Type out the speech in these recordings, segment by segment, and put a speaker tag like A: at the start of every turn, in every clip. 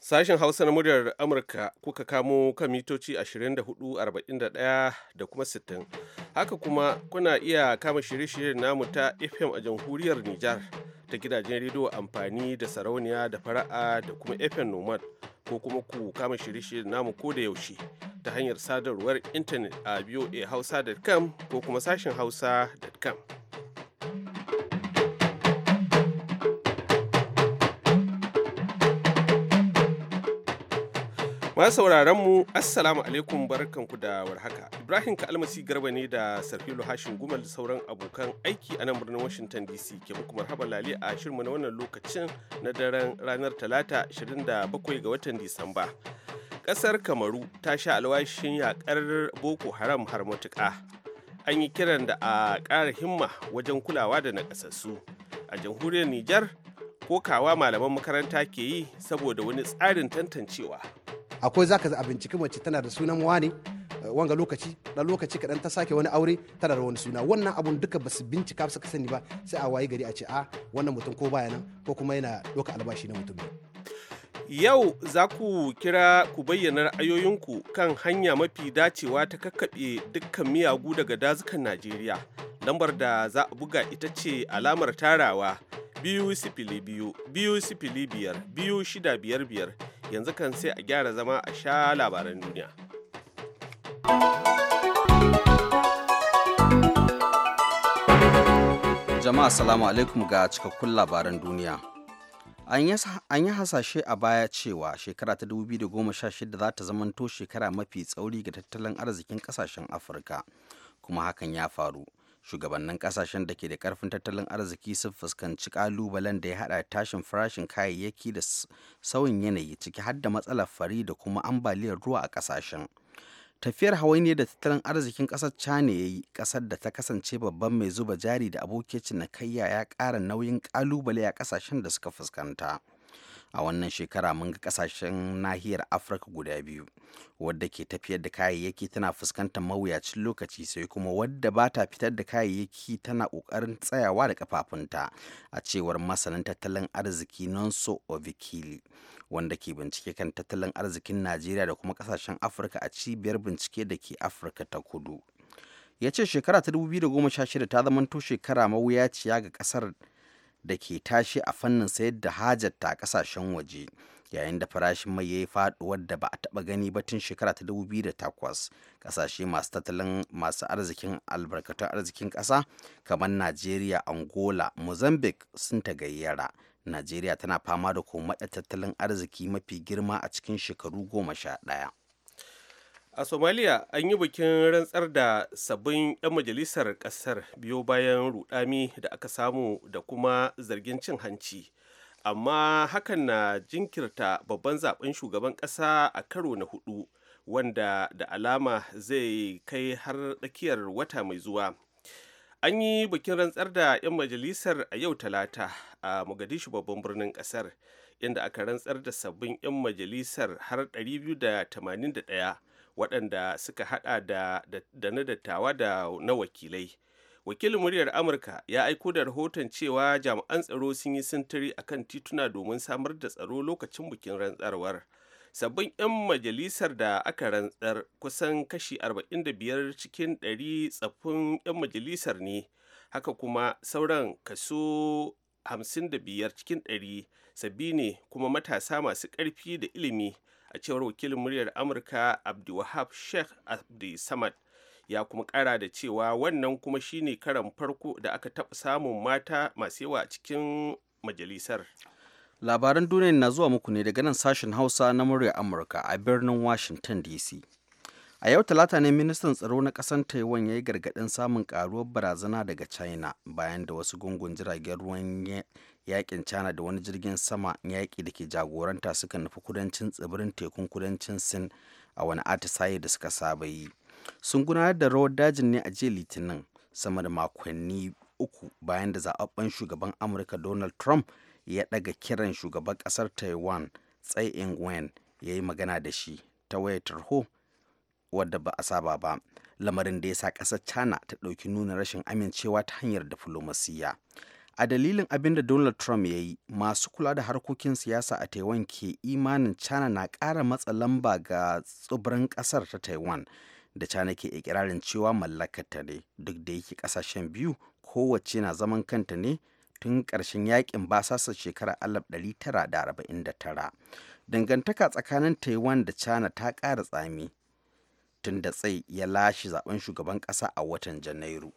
A: Sashen Hausa na muryar Amurka kuka kamo kan mitoci 24,41 da kuma 60. Haka kuma kuna iya kama shirye-shiryen namu ta FM a jamhuriyar Nijar ta gidajen rediyo amfani da sarauniya da fara'a da kuma FM Nomad ko kuma ku kama shirye-shiryen namu ko da yaushe. ta hanyar sadarwar intanet a voahausa.com ko kuma sashen hausa.com. Masu sauraron mu Assalamu alaikum barkanku da warhaka. Ibrahim Kalmasi Garba ne da Sarfilo Hashin Gumal da sauran abokan aiki a nan birnin Washington DC ke muku marhaba lali a shirmu na wannan lokacin na daren ranar Talata 27 ga watan Disamba. Ƙasar Kamaru ta sha alwashin yaƙar Boko Haram har matuka An yi kiran da a kara himma wajen kulawa da nakasassu A jamhuriyar Nijar, ko kawa malaman makaranta ke yi saboda wani tsarin tantancewa.
B: Akwai zaka a binciki mace tana da sunan wani eh, wanga lokaci ɗan lokaci kaɗan ta sake wani aure tana da wani suna wannan abun duka ba su bincika suka sani ba sai a wayi gari a ce a ah, wannan mutum ko baya nan ko kuma yana ɗauka albashi na mutum ne.
A: Yau za ku kira ku bayyana ra'ayoyinku kan hanya mafi dacewa ta kakkaɓe dukkan miyagu daga dazukan Najeriya. Lambar da za a buga ita ce alamar tarawa biyu sifili biyu, biyu sifili biyar, biyu shida biyar biyar. Yanzu kan sai a gyara zama a sha
C: labaran duniya. Jama'a salamu alaikum ga cikakkun labaran duniya. an yi hasashe a baya cewa shekara ta 2016 za ta zamanto shekara mafi tsauri ga tattalin arzikin kasashen afirka kuma hakan ya faru shugabannin kasashen da ke da karfin tattalin arziki sun fuskanci kalubalen da ya hada tashin farashin kayayyaki da sauyin yanayi ciki har da matsalar fari da kuma ambaliyar ruwa a kasashen tafiyar ne da tattalin arzikin ƙasar china ya yi ƙasar da ta kasance babban mai zuba jari da abokai cinikayya ya kara nauyin kalubale a kasashen da suka fuskanta a wannan shekara mun ga kasashen nahiyar afirka guda biyu wadda ke tafiyar da kayayyaki tana fuskantar mawuyacin lokaci sai kuma wadda ba ta fitar da kayayyaki tana kokarin tsayawa da kafafunta a cewar masanin tattalin arziki nonso ovikili wanda ke bincike kan tattalin arzikin najeriya da kuma kasashen afirka a cibiyar bincike da ke afirka ta kudu ya ce shekara ta 2016 ta zamanto shekara mawuyaciya ga kasar da ke tashi a fannin sayar da hajarta a kasashen waje yayin da farashin mai ya yi faduwar da ba a taɓa gani ba tun shekara ta 2008 kasashe masu tattalin masu arzikin albarkatun arzikin ƙasa kamar najeriya angola mozambique sun ta gayyara najeriya tana fama da da tattalin arziki mafi girma a cikin shekaru goma sha ɗaya
A: a Somalia an yi bikin rantsar da sabbin 'yan majalisar kasar biyo bayan rudami da aka samu da kuma zargin cin hanci amma hakan na jinkirta babban zaben shugaban kasa a karo na hudu wanda da alama zai kai har tsakiyar wata mai zuwa an yi bikin rantsar da 'yan majalisar a yau talata a mogadishu babban birnin kasar inda aka rantsar da sabbin 'yan majalisar har 281 waɗanda suka haɗa da da na dattawa da na wakilai wakilin muryar amurka ya aiko da rahoton cewa jami'an tsaro sun yi sintiri a kan tituna domin samar da tsaro lokacin bikin rantsarwar sabbin 'yan majalisar da aka rantsar kusan kashi 45 cikin 100 tsaffin 'yan majalisar ne haka kuma sauran kaso 55 cikin 100 sabbi ne kuma matasa masu ƙarfi da ilimi a cewar wakilin muryar amurka abdulwahab sheikh abdi samad ya kuma kara da cewa wannan kuma shine karan farko da aka taɓa samun mata masu yawa a cikin majalisar
C: labaran duniya na zuwa muku ne daga nan sashen hausa na muryar amurka a birnin washington dc a yau talata ne ministan tsaro na kasan taiwan ya yi gargaɗin samun karuwar barazana daga china bayan da wasu gungun jiragen ruwan yakin china da wani jirgin sama yaƙi da ke jagoranta suka nufi kudancin tsibirin tekun kudancin sin a wani atisaye da suka saba yi sun gudanar da rawar dajin ne a jiya litinin sama da makonni uku bayan da zaɓaɓɓen shugaban amurka donald trump ya ɗaga kiran shugaban ƙasar taiwan tsai ing-wen ya yi magana da shi ta wayar tarho wadda ba a saba ba lamarin da ya sa ƙasar china ta ɗauki nuna rashin amincewa ta hanyar diflomasiyya a dalilin abin da donald trump ya yi masu kula da harkokin siyasa a taiwan ke imanin china na ƙara matsa lamba ga tsibirin ƙasar ta taiwan da china ke ikirarin cewa mallakata ne duk da yake ƙasashen biyu kowace na zaman kanta ne tun karshen yakin basasa shekarar tara dangantaka tsakanin taiwan da china ta ƙara tsami tun da tsai ya lashe zaben shugaban ƙasa a watan janairu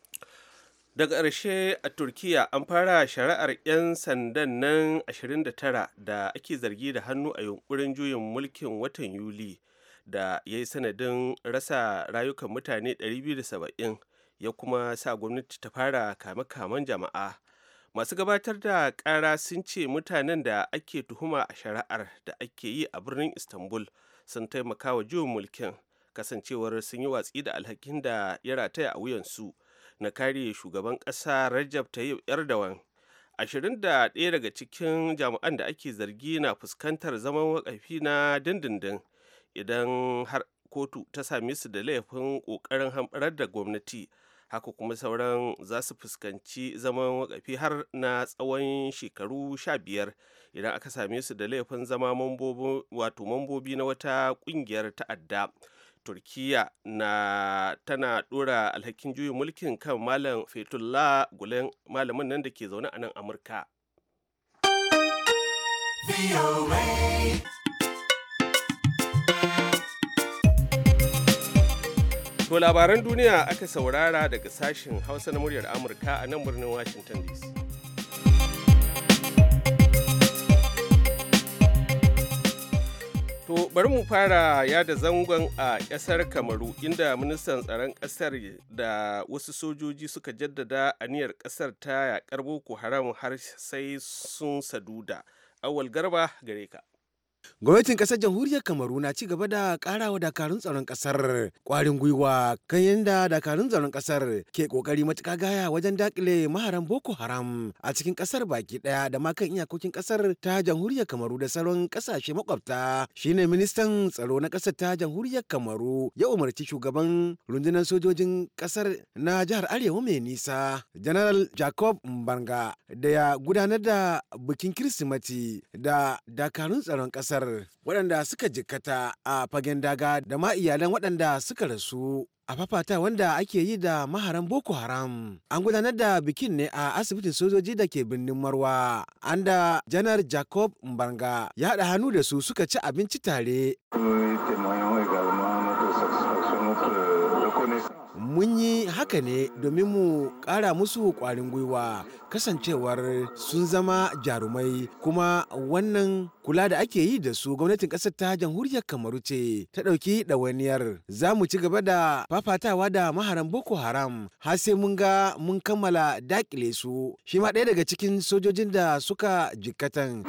A: daga ƙarshe a turkiya an fara shari'ar 'yan sandan nan 29 da ake zargi da hannu a yunkurin juyin mulkin watan yuli da ya yi sanadin rasa rayukan mutane 270 ya kuma sa gwamnati ta fara kame-kamen jama'a masu gabatar da ƙara sun ce mutanen da ake tuhuma a shari'ar da ake yi a birnin istanbul sun taimaka wa juyin mulkin kasancewar sun yi watsi da alhakin da ya rataya a wuyansu su na kare shugaban ƙasa Rajab Tayyip Erdogan. Ashirin da ɗaya daga cikin jami'an da ake zargi na fuskantar zaman wakafi na dindindin idan har kotu ta same su da laifin ƙoƙarin hamɓarar da gwamnati. Haka kuma sauran za su fuskanci zaman wakafi har na tsawon shekaru sha biyar idan aka same su da laifin zama mambobi na wata ƙungiyar ta'adda. turkiya na tana dora alhakin juyin mulkin kan malam fetullah gulen malamin nan da ke zaune a nan amurka To labaran duniya aka saurara daga sashen hausa na muryar amurka a nan birnin washington dc To bari mu fara yada zangon a ƙasar Kamaru inda ministan tsaron ƙasar da wasu sojoji suka jaddada aniyar ƙasar ta yaƙar Boko Haram har sai sun saduda. Awal garba gare ka.
D: Gwamnatin kasar jamhuriyar Kamaru na ci gaba da karawa dakarun tsaron ƙasar. Ƙwarin gwiwa kan yadda dakarun tsaron ƙasar ke ƙoƙari matuka gaya wajen daƙile maharan Boko Haram a cikin ƙasar baki ɗaya da ma kan iyakokin ƙasar ta jamhuriyar Kamaru da sauran kasashe makwabta. Shine ministan tsaro na ƙasar ta jamhuriyar Kamaru ya umarci shugaban rundunar sojojin ƙasar na jihar Arewa mai nisa General Jacob Mbanga da ya gudanar da bikin Kirsimati da dakarun tsaron kasar kasar waɗanda suka jikkata a fagen daga da ma iyalan waɗanda suka rasu a fafata wanda ake yi da maharan boko haram an gudanar da bikin ne a asibitin sojoji da ke birnin marwa an da janar jacob mbanga ya haɗa hannu da su suka ci abinci tare mun yi haka ne domin mu ƙara musu ƙwarin gwiwa kasancewar sun zama jarumai kuma wannan kula da ake yi da su gwamnatin kasar ta jamhuriyar kamaru ce ta ɗauki ɗawainiyar za mu ci gaba da fafatawa da maharan boko haram har sai mun ga mun kammala dakile su shi ma ɗaya daga cikin sojojin da suka jikkatan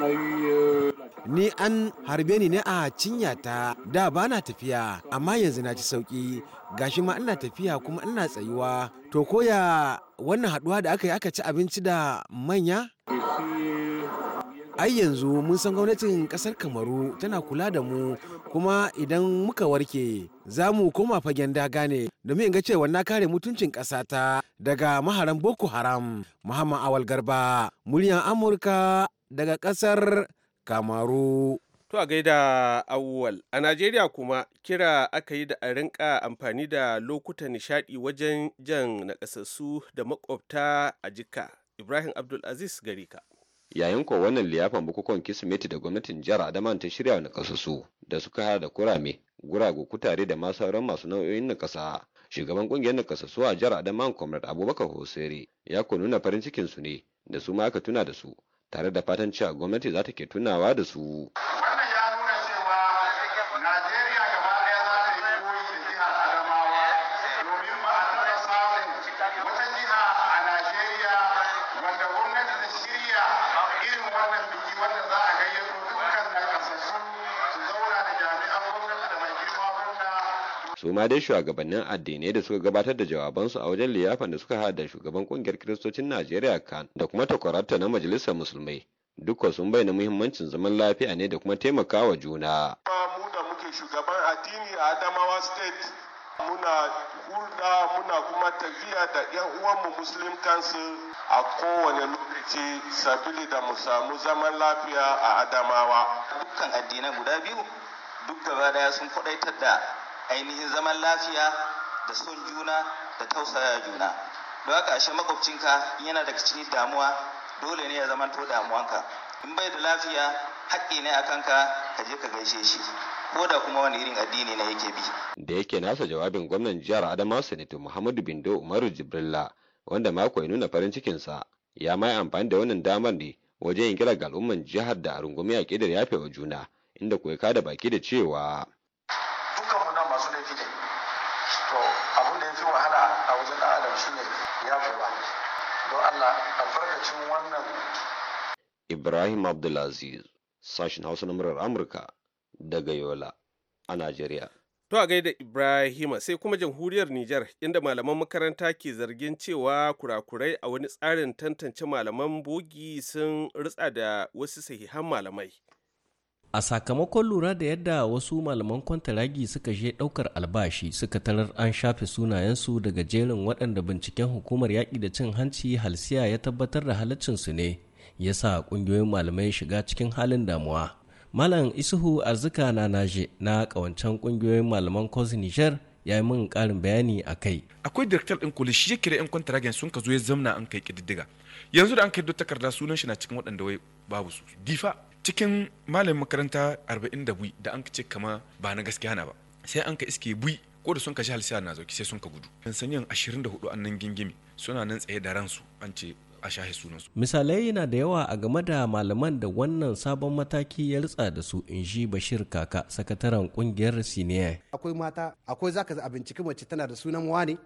D: ni an harbe ni ne a cinya ta da bana tafiya amma yanzu na ci sauki gashi ma ina tafiya kuma ina tsayuwa to koya wannan haduwa da aka yi aka ci abinci da manya ai yanzu mun san gwamnatin kasar kamaru tana kula da mu kuma idan muka warke za mu koma fagen daga ne domin ga cewa na kare mutuncin ƙasata daga maharan boko haram muhammad awal garba muryan amurka daga ƙasar kamaru
A: To a gaida awwal a Najeriya kuma kira aka yi da a rinka amfani da lokutan nishaɗi wajen jan nakasassu da makwabta a jika. Ibrahim Abdulaziz gare ka.
E: Yayin ko wannan liyafan bukukuwan Kirsimeti da gwamnatin jihar Adama ta shirya nakasassu da suka hada da kurame, gurago kutare da ma sauran masu nau'o'in nakasa. Shugaban ƙungiyar nakasassu a jihar Adama Comrade Abubakar Hosere ya ko nuna farin cikin su ne da su ma aka tuna da su tare da fatan cewa gwamnati za ta ke tunawa da su. su ma dai shugabannin addinai da suka gabatar da jawabansu a wajen liyafan da suka hada shugaban kungiyar kiristocin najeriya kan da kuma takwararta na majalisar musulmai dukkan sun bayyana muhimmancin zaman lafiya ne da kuma taimakawa juna.
A: mu da muke shugaban addini a adamawa state muna hulɗa muna kuma tafiya da 'yan uwanmu muslim council a kowane lokaci sabili da mu samu zaman lafiya
F: a adamawa dukkan addinai guda biyu duk gaba daya sun kwadaitar da ainihin zaman lafiya da son juna da tausaya juna don haka ashe makwabcinka yana daga cikin damuwa dole ne ya zama zamanto damuwanka in bai da lafiya haƙƙi ne a kanka ka je ka gaishe shi ko da kuma wani irin addini ne yake bi
E: da yake nasa jawabin gwamnan jihar adamawa sanito muhammadu bindo umaru jibrilla wanda mako ya nuna farin cikin sa ya mai amfani da wannan damar ne wajen yin kira ga al'umman jihar da a rungumi a ƙidar wa juna inda kuwa da baki da cewa lokacin wannan Ibrahim Abdulaziz sashen Hausa na murar Amurka daga Yola a Najeriya.
A: To a gaida Ibrahima sai kuma jamhuriyar Nijar inda malaman makaranta ke zargin cewa kurakurai a wani tsarin tantance malaman bogi sun ritsa da wasu sahihan malamai.
F: a sakamakon lura da yadda wasu malaman kwantaragi suka je ɗaukar albashi suka tarar an shafe sunayensu daga jerin waɗanda binciken hukumar yaƙi da cin hanci halsiya ya tabbatar da halaccinsu ne ya sa ƙungiyoyin malamai shiga cikin halin damuwa malam isuhu arzika na naje na ƙawancen ƙungiyoyin malaman kwas nijar ya yi min ƙarin bayani a kai akwai direktar ɗin kuli shi ya kira 'yan kwantaragen sun ka zo ya zamna an kai ƙididdiga yanzu da an kai takarda sunan shi na cikin waɗanda wai babu su difa
G: cikin malamin makaranta 40 da bui da an ce kama ba na gaskiya na ba sai an ka iske bui ko da sun ka shi na zauki sai sun ka gudu sanyin 24 an nan gingimi suna nan
B: tsaye da ransu an ce a shahe sunansu.
F: Misalai yana da yawa a game da malaman da wannan sabon mataki ya ritsa da su in ji Bashir Kaka, sakataren kungiyar Siniya.
B: Akwai mata, akwai zaka abinci kuma mace tana da sunan wani.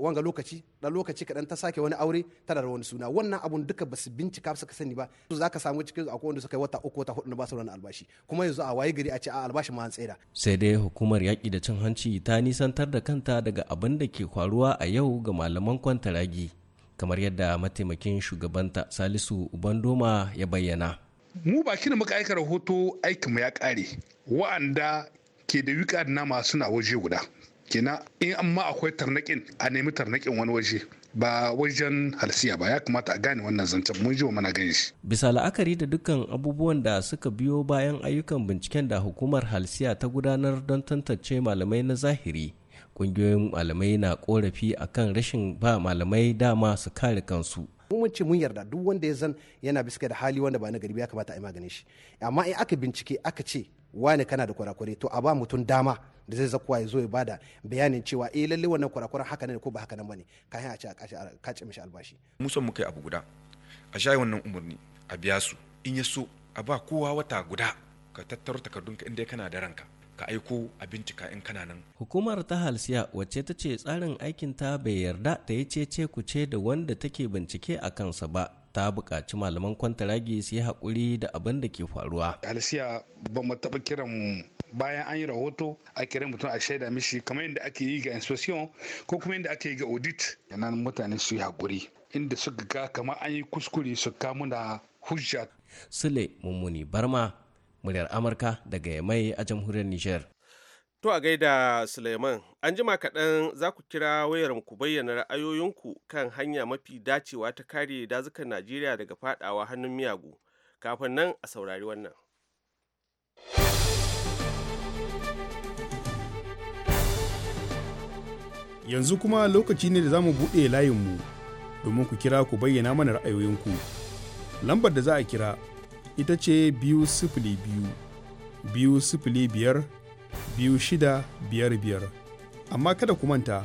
B: wanga lokaci dan lokaci kaɗan ta sake wani aure tana da wani suna wannan abun duka ba su bincika suka sani ba su za ka samu cikin akwai wanda suka yi wata uku wata hudu ba su wani albashi kuma yanzu a waye gari a ce a albashi ma an tsira.
F: sai dai hukumar yaƙi da cin hanci ta nisantar da kanta daga abin da ke faruwa a yau ga malaman kwantaragi kamar yadda mataimakin shugabanta salisu ubandoma ya bayyana mu
G: bakin da muka aika rahoto aikinmu ya ƙare wa'anda ke da wika na masu na waje guda kina in amma akwai tarnakin a nemi tarnaƙin wani waje ba wajen halsiya ba ya kamata a gane wannan zancen mun ji wa mana gani shi.
F: Bisa la'akari da dukkan abubuwan da suka biyo bayan ayyukan binciken da hukumar halsiya ta gudanar don tantance malamai na zahiri. Kungiyoyin malamai na korafi akan rashin ba malamai dama su kare kansu.
B: mun mun yarda duk wanda ya zan yana bisa da hali wanda ba na gari ya kamata a yi magani shi amma in aka bincike aka ce wani kana da kurakure to a ba mutum dama da zai zakuwa ya zo ya bada bayanin cewa eh lalle wannan kwarakwara haka ne ko ba haka nan bane kafin a ci a ci mishi albashi
G: mu son muka yi abu guda a shayi wannan umarni a biya su in ya so a ba kowa wata guda ka tattaro takardunka inda kana da ranka ka aiko a bincika in kana nan.
F: Hukumar ta halsiya wacce ta ce tsarin ta bai yarda ta yi cece kuce da wanda take bincike a kansa ba ta buƙaci malaman kwantaragi su yi haƙuri da abin da ke faruwa.
G: Alisiya ba mu taɓa kiran bayan an yi rahoto a kira mutum a shaida mishi kamar yadda ake yi ga inspection ko kuma yadda ake yi ga audit yanan mutane su yi haƙuri inda suka ga kamar an yi kuskure su kamu da hujja.
F: Sule Mummuni Barma, muryar Amurka daga Yamai a jamhuriyar Nijar.
A: To a gaida Suleiman, an jima kaɗan za ku kira wayar ku bayyana ra'ayoyinku kan hanya mafi dacewa ta kare dazukan Najeriya daga fadawa hannun miyagu. Kafin nan a saurari wannan.
G: Yanzu kuma lokaci ne da za mu buɗe layinmu domin ku kira ku bayyana mana ra'ayoyinku. Lambar da za a kira ita ce biyu sifili biyu, biyu sifili biyar Biyu shida 2655 amma kada ku manta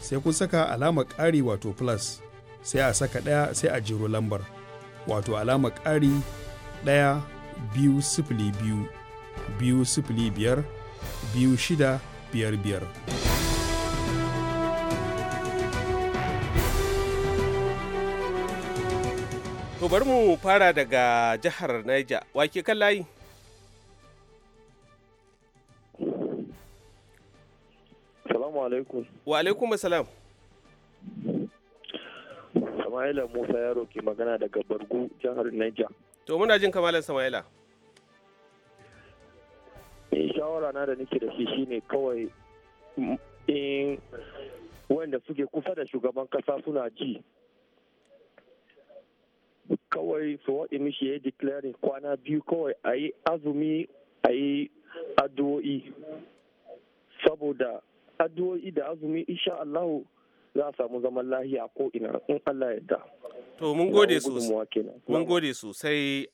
G: sai kun saka alama ƙari wato plus sai a saka ɗaya sai a jiro lambar wato alama ƙari ɗaya biyu sifili biyu biyu sifili biyar biyu shida
E: biyar
A: biyar. To bari mu fara daga jihar Niger, wake kan layi? Salamu alaikum. Wa alaikum salam. Sama'ila Musa ya ke magana daga Bargu jihar Niger. To muna jin kamalan Sama'ila.
E: Eh, shawara na da nake da shi shine kawai in wanda suke kusa da shugaban kasa suna ji kawai su waɗi mishi ya declaring kwana biyu kawai a yi azumi a yi addu'o'i saboda addu'o'i da azumi insha Allah za a samu zaman lahiya ko ina in
A: Allah yarda. To mun gode sosai. Mun gode sosai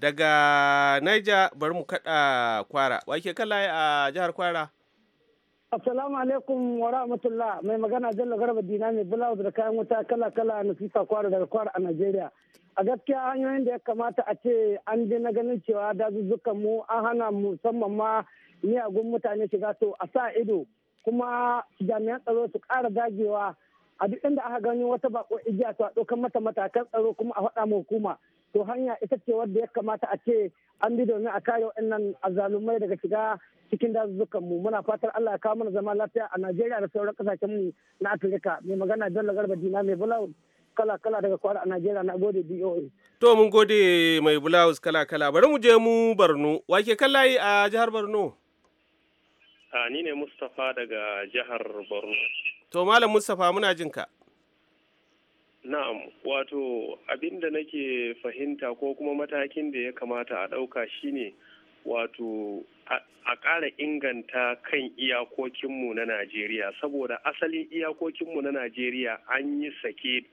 A: daga Niger bari mu kada Kwara. Wake kala a jihar Kwara.
D: Assalamu alaikum wa rahmatullah mai magana Jalla Garba Dina mai bulawu da kayan wuta kala kala na fifa kwara daga kwara a Najeriya. A gaskiya hanyoyin da ya kamata a ce an je na ganin cewa dazuzzukan mu an hana musamman ma miyagun mutane shiga to a sa ido kuma jami'an tsaro su ƙara dagewa a duk inda aka gani wata bako igiya to a ɗaukar mata matakan tsaro kuma a faɗa ma hukuma to hanya ita ce wadda ya kamata a ce an bi domin a kare waɗannan azalumai daga shiga cikin dazuzzukan mu muna fatar Allah ya kawo mana zama lafiya a Najeriya da sauran kasashen mu na Afirka mai magana Bello Garba Dina mai bulawus kala kala daga kwara a Najeriya na gode BOA
A: to mun gode mai bulawus kala kala bari mu je mu Borno wake kallayi a jihar Borno A ni ne Mustapha
E: daga jihar Borno.
A: To Malam Mustapha muna jin
E: Na'am, wato abinda nake fahimta ko kuma matakin da ya kamata a ɗauka shine wato a ƙara inganta kan iyakokinmu na Najeriya saboda asalin iyakokinmu na Najeriya an yi sake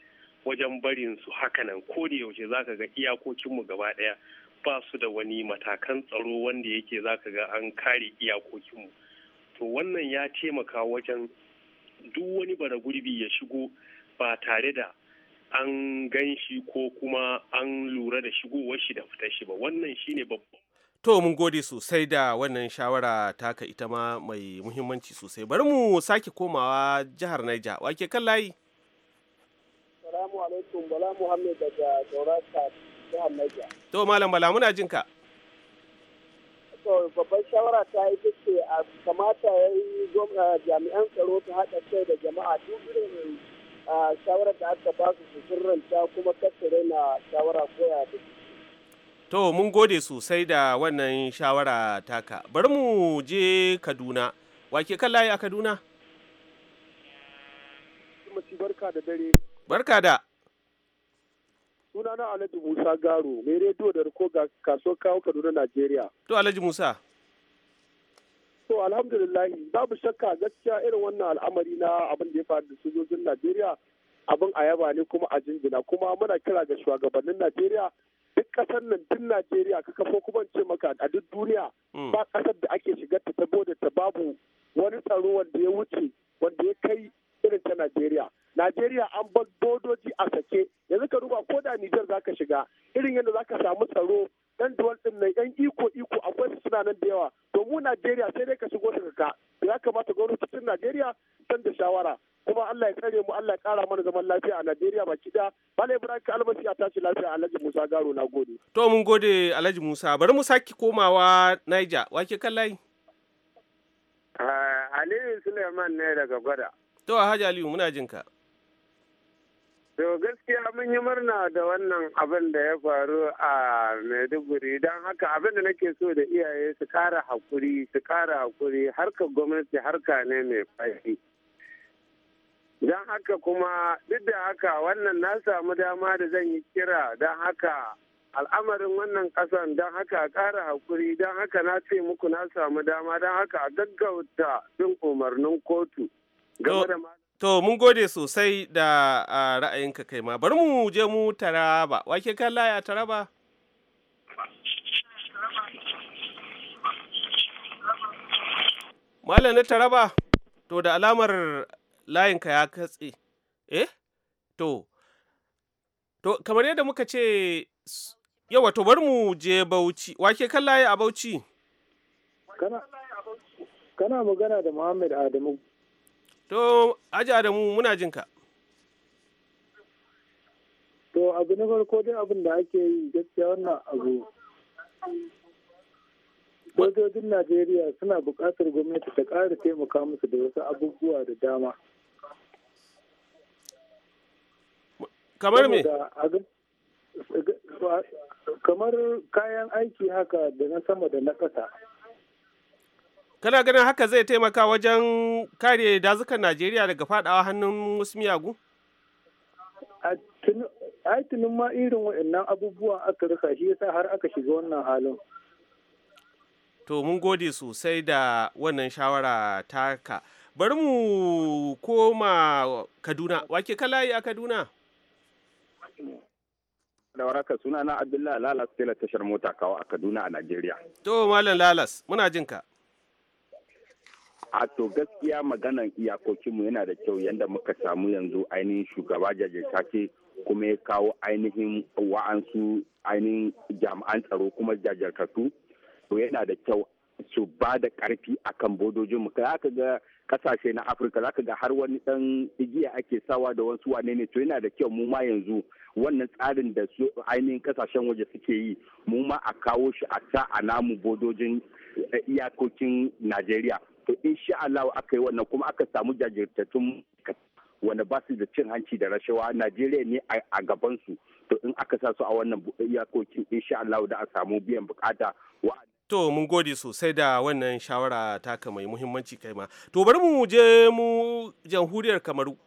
E: wajen barin su hakanan ko da yaushe ka ga iyakokinmu gaba ɗaya ba su da wani matakan tsaro wanda yake za ka ga an kare iyakokinmu. to wannan ya taimaka wajen duk wani bara gurbi ya shigo ba tare da an gan shi ko kuma an lura da shigowar shi da fitar shi ba wannan shi shine babban
A: To mun gode sosai da wannan shawara taka ita ma mai muhimmanci sosai. Bari mu sake komawa jihar Naija. Wake kan layi?
G: Salamu alaikum Bala Muhammad daga jihar Naija.
A: To Malam Bala muna jinka.
G: to babban shawara ta yi ce a kamata ya yi jami'an tsaro ta haɗa kai da jama'a duk irin shawarar da aka ba su sirranta kuma kasare na shawara koya da
A: To mun gode sosai da wannan shawara taka. Bari mu je Kaduna. Wake kan layi a Kaduna?
E: Barka da dare. Barka da. suna na Alhaji Musa Garo, mai rediyo da riko ga kaso kawo Kaduna
A: Najeriya. To Alhaji Musa.
E: To alhamdulillahi babu shakka gaskiya irin wannan al'amari na abin da ya faru da sojojin Najeriya abin a yaba ne kuma a jinjina kuma muna kira ga shugabannin Najeriya duk kasar nan duk Najeriya ka kafo kuma ce maka a duk duniya hmm. ba kasar da ake shiga ta saboda ta babu wani tsaro wanda ya wuce wanda ya kai irin ta Najeriya. Najeriya an bar bodoji a sake yanzu ka duba ko da Nijar zaka shiga irin yadda ka samu tsaro dan duwal ɗin nan yan iko iko akwai su suna nan da yawa to mu Najeriya sai dai ka shigo daga ka ya kamata cikin Najeriya san da shawara kuma Allah ya tsare mu Allah ya kara mana zaman lafiya a Najeriya baki da Malam Ibrahim Kalmasi ya tashi lafiya Alhaji Musa Garo na gode
A: to mun gode Alhaji Musa bari mu saki komawa Niger wake kallai
E: ah, Aliyu Suleiman ne daga Gwada
A: to Haji Aliyu muna jinka
E: To gaskiya mun yi murna da wannan abin da ya faru a Maiduguri don haka abin da nake so da iyaye su kara hakuri su kara hakuri harkar gwamnati harka ne mai fashi. Don haka kuma duk da haka wannan na samu dama da zan yi kira don haka al'amarin wannan kasan don haka a kara hakuri don haka na ce muku na samu dama don haka a gaggauta umarnin kotu
A: game da To mun gode sosai da ra'ayinka kai ma. Bari mu je mu Taraba. Wake kan laya Taraba? Malam na Taraba, to da alamar layinka ya katse. Eh? To, to kamar yadda muka ce yawa to bar mu je Bauchi. Wake kan layi a Bauchi?
E: Kana magana da Muhammad Adamu
A: To, aja da mu muna jin ka.
E: To, abu na farko dai abin da ake yi gaskiya wannan abu. Sojojin Najeriya suna buƙatar gwamnati ta ƙara taimaka musu da wasu abubuwa da dama. Kamar me? Kamar kayan aiki haka da na sama da na ƙasa.
A: Kana ganin haka zai taimaka wajen kare dazukan Najeriya daga fadawa hannun wasu miyagu?
E: Ai tunin ma irin waɗannan abubuwan aka rika shi yasa har aka shiga wannan halin.
A: To mun gode sosai da wannan shawara ka, Bari mu koma Kaduna. Wake kalayi a Kaduna?
E: da waraka suna na Abdullahi Lalas tela tashar mota kawo a Kaduna a
A: Najeriya. To Malam Lalas, muna jinka
E: a to gaskiya maganan iyakokinmu yana da kyau yadda muka samu yanzu ainihin shugaba ce kuma ya kawo ainihin wa'ansu ainihin jami'an tsaro kuma jajirtattu to yana da kyau su ba da karfi akan bodojinmu ka ka ga kasashe na afirka zaka ga har wani dan igiya ake sawa da wasu wane ne to yana da kyau mu ma yanzu wannan tsarin da su ainihin kasashen waje suke yi mu ma a kawo shi a sa a namu bodojin eh, iyakokin najeriya to insha Allah aka yi wannan kuma aka samu jajirtattun wanda ba su da cin hanci da rashawa Najeriya ne a gaban su to in aka sa su a wannan iyakokin insha Allah da a samu biyan bukata
A: To mun gode sosai da wannan shawara taka mai muhimmanci kai ma. To bari mu je mu jamhuriyar Kamaru.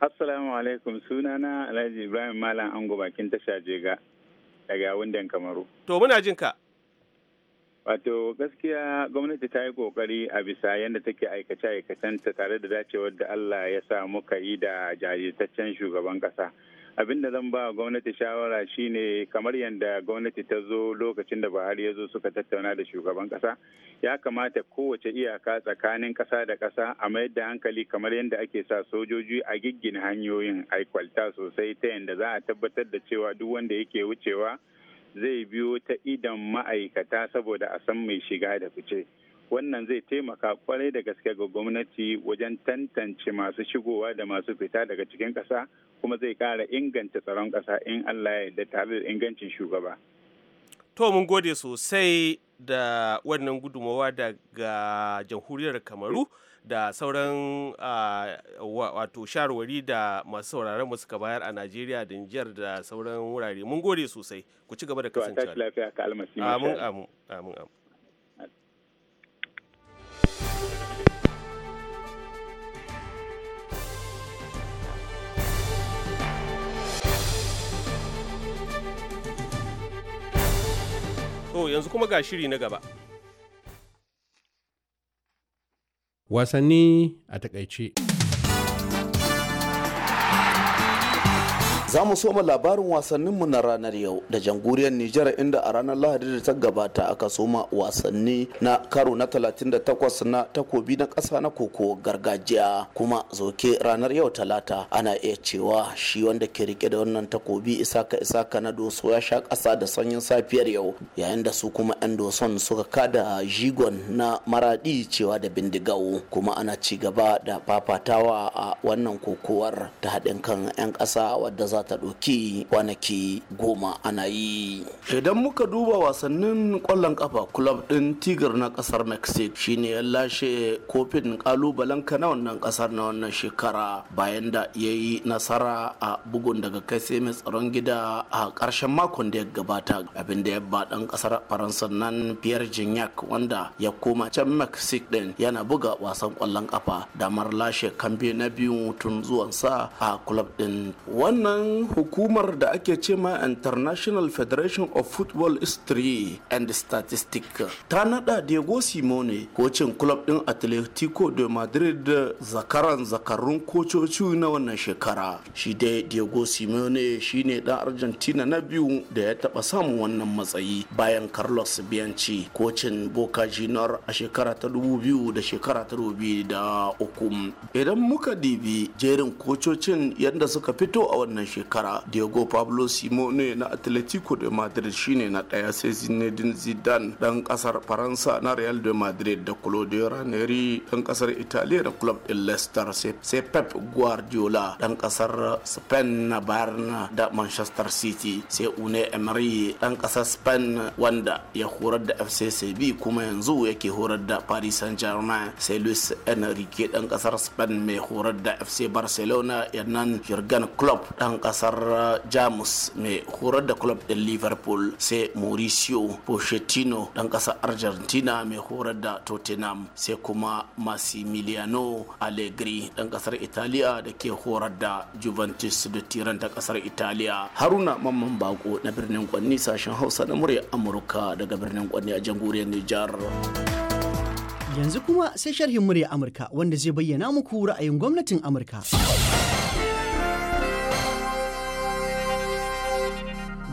E: Assalamu alaikum sunana Alhaji Ibrahim Malam Ango bakin tasha Jega daga Wundan Kamaru.
A: To muna jin ka.
E: Wato gaskiya gwamnati ta yi kokari a bisa yadda take aikace aikacen ta tare da dacewar da Allah ya sa muka yi da jajirtaccen shugaban kasa. Abin da zan ba gwamnati shawara shine kamar yadda gwamnati ta zo lokacin da Buhari ya zo suka tattauna da shugaban kasa, ya kamata kowace iyaka tsakanin kasa da kasa a mayar da hankali kamar yadda ake sa sojoji a giggin hanyoyin aikwalta sosai ta yadda za a tabbatar da cewa duk wanda yake wucewa zai biyo ta idan ma'aikata saboda a san mai shiga da fice wannan zai taimaka kwarai da gaske ga gwamnati wajen tantance masu shigowa da masu fita daga cikin ƙasa kuma zai ƙara inganta tsaron ƙasa in allah ya yarda tare da ingancin shugaba
A: to mun gode sosai da wannan gudumawa daga jamhuriyar kamaru da sauran wato sharwari da masu sauraron mu suka bayar a Najeriya da Nijar da sauran wurare. Mun gode sosai. Ku ci gaba da kasancewa. Amin amin amin amin. To yanzu kuma ga shiri na gaba.
F: Wasanni a takaice.
G: Za mu soma labarin wasanninmu na ranar yau da jamhuriyar Nijar inda a ranar Lahadi da ta gabata aka soma wasanni na karo na 38 na takobi na ƙasa na koko gargajiya kuma zoke ranar yau talata ana iya cewa shi wanda ke rike da wannan takobi isaka isaka na doso ya sha ƙasa da sanyin safiyar yau yayin da su kuma 'yan doson suka kada jigon na maradi cewa da bindigau kuma ana ci gaba da fafatawa a wannan kokowar ta haɗin kan 'yan ƙasa wadda za ta ɗauki kwanaki goma ana yi idan muka duba wasannin ƙwallon ƙafa kulob ɗin tigar na ƙasar mexico shine ya lashe kofin ka na wannan ƙasar na wannan shekara bayan da ya yi nasara a bugun daga kai sai mai tsaron gida a ƙarshen makon da ya gabata abin da ya ba ɗan ƙasar faransa nan pierre gignac wanda ya koma can mexico ɗin yana buga wasan ƙwallon ƙafa damar lashe kambe na biyu tun zuwansa a kulob ɗin wannan ƙarƙashin hukumar da ake cema international federation of football history and statistics ta nada diego simone kocin club din atletico de madrid zakaran zakarun kococi na wannan shekara shi dai diego simone shine dan argentina na biyu da ya taba samun wannan matsayi bayan carlos bianchi kocin boca junior a shekara ta 2000 da shekara ta 2003 idan muka dibi jerin kococin yadda suka fito a wannan shekara diego pablo simone na atletico de madrid shine na daya sai zinedine zidane dan kasar faransa na real de madrid da claudio ranieri dan kasar italiya da club din leicester sai pep guardiola dan kasar spain na bayern da manchester city sai une emery dan kasar spain wanda ya horar da fc sebi kuma yanzu yake horar da paris saint germain sai luis enrique dan kasar spain mai horar da fc barcelona yannan jurgen club dan kasar eh, jamus mai horar da club din liverpool sai mauricio pochettino dan kasar argentina mai horar da tottenham sai kuma massimiliano allegri dan kasar italiya da ke horar da juventus da tiran ta kasar italiya haruna mamman bako na birnin kwanni sashen hausa na murya amurka daga birnin kwanni a jamhuriyar nijar
H: yanzu kuma sai sharhin murya amurka wanda zai bayyana muku ra'ayin gwamnatin amurka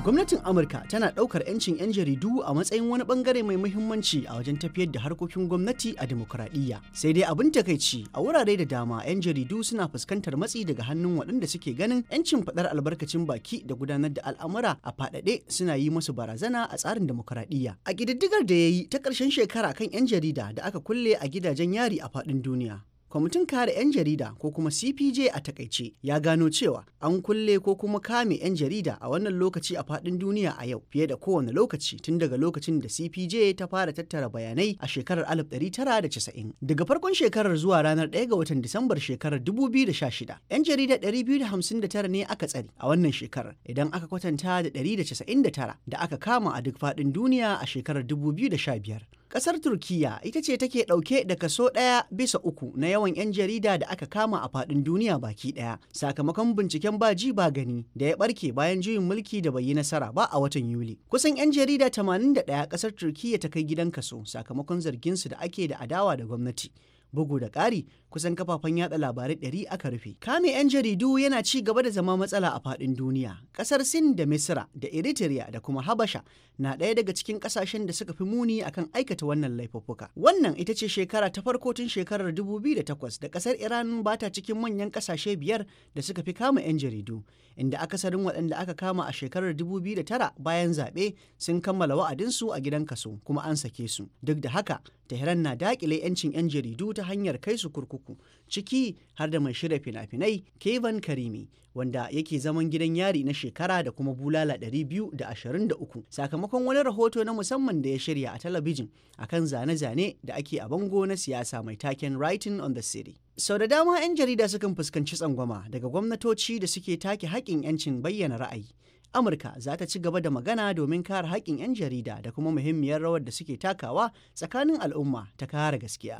H: Gwamnatin Amurka tana ɗaukar 'yancin 'yan jaridu a matsayin wani bangare mai muhimmanci a wajen tafiyar da harkokin gwamnati a demokuraɗiyya. Sai dai abin takaici a wurare da dama 'yan jaridu suna fuskantar matsi daga hannun waɗanda suke ganin 'yancin faɗar albarkacin baki da gudanar da al'amura a faɗaɗe suna yi masu barazana a tsarin demokuraɗiyya. A ƙididdigar da ya yi ta ƙarshen shekara kan 'yan jarida da aka kulle a gidajen yari a faɗin duniya. kwamitin kare 'yan jarida ko kuma cpj a takaice ya gano cewa an kulle ko kuma kame 'yan jarida a wannan lokaci a faɗin duniya a yau fiye da kowane lokaci tun daga lokacin da cpj ta fara tattara bayanai a shekarar 1990 daga farkon shekarar zuwa ranar 1 ga watan disambar shekarar 2016 'yan jarida 259 ne aka tsare a wannan shekarar idan aka kwatanta da 199 da aka kama a duk faɗin duniya a shekarar 2015 Ƙasar Turkiyya ita ce take ɗauke da kaso ɗaya bisa uku na yawan 'yan jarida da aka kama a faɗin duniya baki ɗaya sakamakon binciken baji ji ba gani da ya barke bayan juyin mulki da bai yi nasara ba a watan Yuli. Kusan 'yan jarida tamanin da 81 ƙasar Turkiyya ta kai gidan kaso sakamakon zargin su da ake da adawa da gwamnati. Bugu da ƙari, kusan kafafen yada labarai ɗari aka rufe. Kame 'yan jaridu yana ci gaba da zama matsala a faɗin duniya. Ƙasar Sin da Misira da Eritrea da kuma Habasha na ɗaya daga cikin ƙasashen da suka fi muni akan aikata wannan laifuffuka. Wannan ita ce shekara ta farko tun shekarar 2008 da ƙasar Iran ba ta cikin manyan ƙasashe biyar da suka fi kama 'yan jaridu, inda akasarin waɗanda aka kama a shekarar 2009 bayan zaɓe sun kammala wa'adinsu a gidan kaso kuma an sake su. Duk da haka, Tehran na daƙile 'yancin 'yan jaridu ta hanyar kai su kurkuku uku ciki har da mai shirya fina-finai Kevin Karimi wanda yake zaman gidan yari na shekara da kuma bulala 223 sakamakon wani rahoto na musamman da ya shirya a talabijin akan zane-zane da ake a bango na siyasa mai taken writing on the city. Sau da dama 'yan jarida sukan fuskanci tsangwama daga gwamnatoci da suke take haƙƙin 'yancin bayyana ra'ayi. Amurka za ta ci gaba da magana domin kare haƙƙin 'yan jarida da kuma muhimmiyar rawar da suke takawa tsakanin al'umma ta kare gaskiya.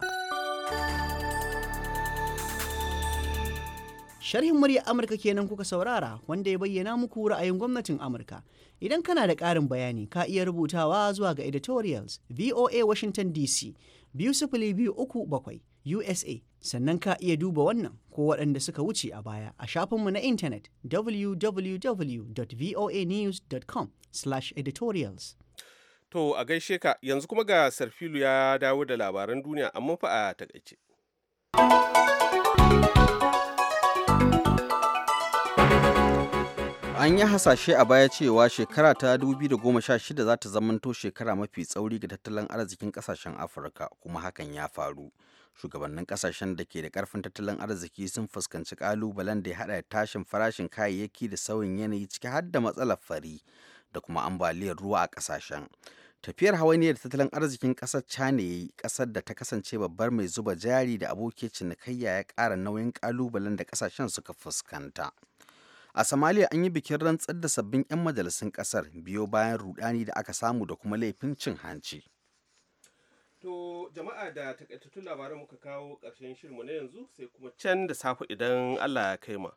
H: Sharhin murya Amurka kenan kuka saurara wanda ya bayyana muku ra'ayin gwamnatin Amurka. Idan kana da ƙarin bayani ka iya rubutawa zuwa ga editorials VOA Washington DC uku bakwai USA sannan ka iya duba wannan ko waɗanda suka wuce a baya a shafinmu na intanet www.voanews.com editorials.
A: To a gaishe ka yanzu kuma ga Sarfilu ya dawo da labaran duniya amma fa a takaice.
C: An yi hasashe a baya cewa shekara ta 2016 za ta zamanto shekara mafi tsauri ga tattalin arzikin kasashen Afirka kuma hakan ya faru. Shugabannin kasashen da ke da karfin tattalin arziki sun fuskanci kalubalen da ya haɗa tashin farashin kayayyaki da sauyin yanayi ciki har da matsalar fari da kuma ambaliyar ruwa a kasashen. Tafiyar hawainiyar tattalin arzikin kasar China ya yi ƙasar da ta kasance babbar mai zuba jari da abokin cinikayya ya ƙara nauyin kalubalen da kasashen suka fuskanta. A Somalia an yi bikin rantsar da sabbin 'yan majalisun ƙasar biyo bayan rudani da aka samu da kuma laifin cin hanci.
A: To jama'a da takaitattun labaran muka kawo ƙarshen shirinmu na yanzu sai kuma can da safe idan Allah ya kai ma.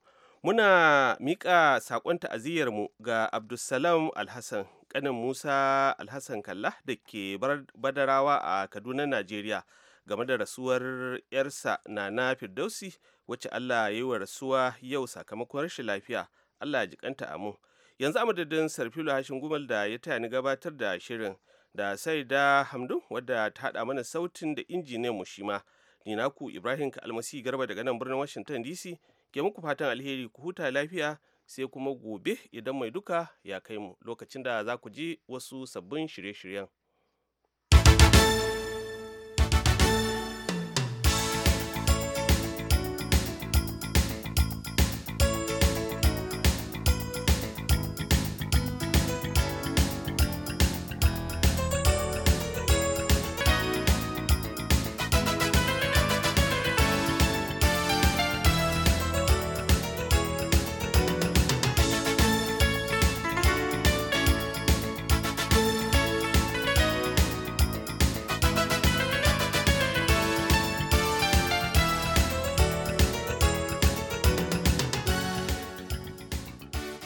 A: Muna miƙa saƙon ta'aziyyarmu ga Abdulsalam Alhassan ƙanin Musa Alhassan Kalla da ke badarawa a Kaduna, Najeriya. game da rasuwar yarsa nana firdausi wacce allah ya yi wa rasuwa yau sakamakon rashin lafiya allah ya jikanta amu yanzu amadadin sarfilo hashin gumal da ya taya ni gabatar da shirin da sai da hamdu wadda ta hada mana sautin da injiniyan mu shi ma ni naku ibrahim kalmasi garba daga nan birnin washington dc ke muku fatan alheri ku huta lafiya sai kuma gobe idan mai duka ya kai mu lokacin da za ku ji wasu sabbin shirye-shiryen